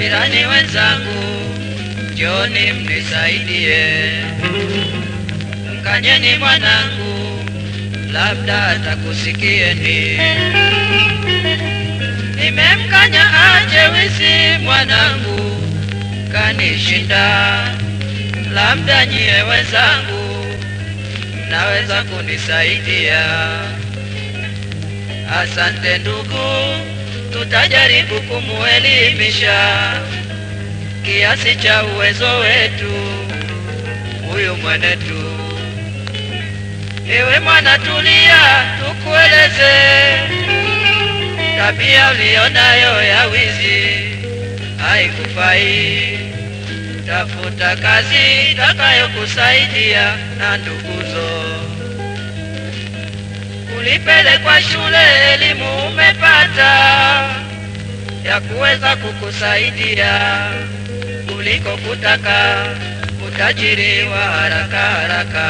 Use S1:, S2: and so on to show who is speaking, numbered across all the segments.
S1: Jirani wenzangu, njoni mnisaidie, mkanyeni mwanangu, labda atakusikieni. Nimemkanya aje wisi mwanangu, kanishinda, labda nyie wenzangu mnaweza kunisaidia. Asante ndugu tutajaribu kumuelimisha kiasi cha uwezo wetu. Huyu mwanetu, ewe mwana, tulia, tukueleze tabia uliyonayo ya wizi haikufai. Tafuta kazi itakayokusaidia na nduguzo ulipelekwa shule, elimu umepata ya kuweza kukusaidia kuliko kutaka utajiri wa haraka haraka.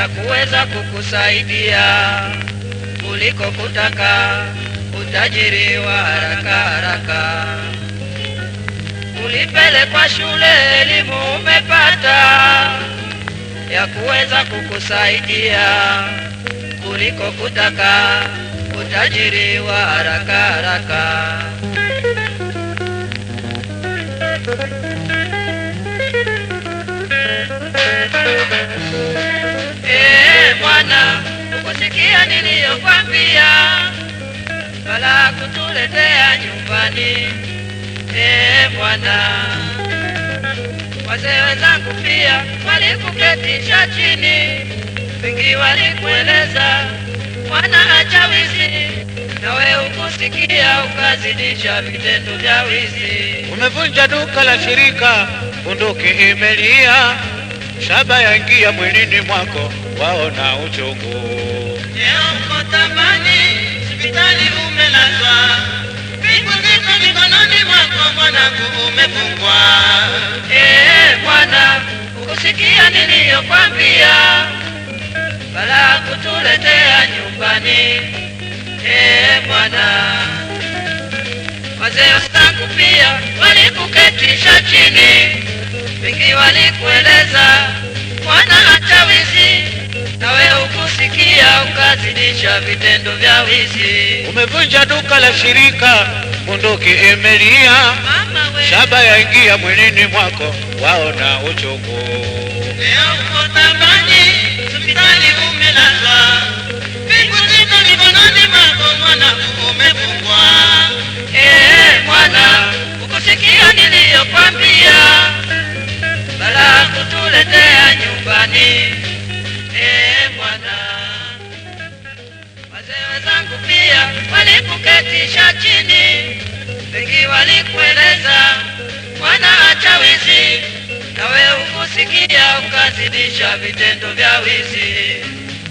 S1: ya kuweza kukusaidia kuliko kutaka utajiri wa haraka haraka. Ulipelekwa shule, elimu umepata ya kuweza kukusaidia kuliko kutaka utajiri wa haraka haraka. niliyokwambia, wala kutuletea nyumbani. Ee Bwana, wazee wenzangu pia walikuketisha chini, wengi walikueleza mwana acha wizi, wewe ukusikia ukazidisha vitendo vya wizi.
S2: Umevunja duka la shirika, bunduki imelia, shaba yaingia mwilini mwako, waona uchungu
S1: E, Sikia niliyokwambia, balaa kutuletea nyumbani. Ee Bwana, wazee wangu pia walikuketisha chini, wengi walikueleza mwana, acha wizi nawe ya ukazidisha vitendo vya wizi.
S2: Umevunja duka la shirika, bunduki Emelia, shaba yaingia mwilini mwako, waona uchungu.
S1: walikuketisha chini, wengi walikueleza mwana acha wizi, nawe ukusikia ukazidisha vitendo vya wizi.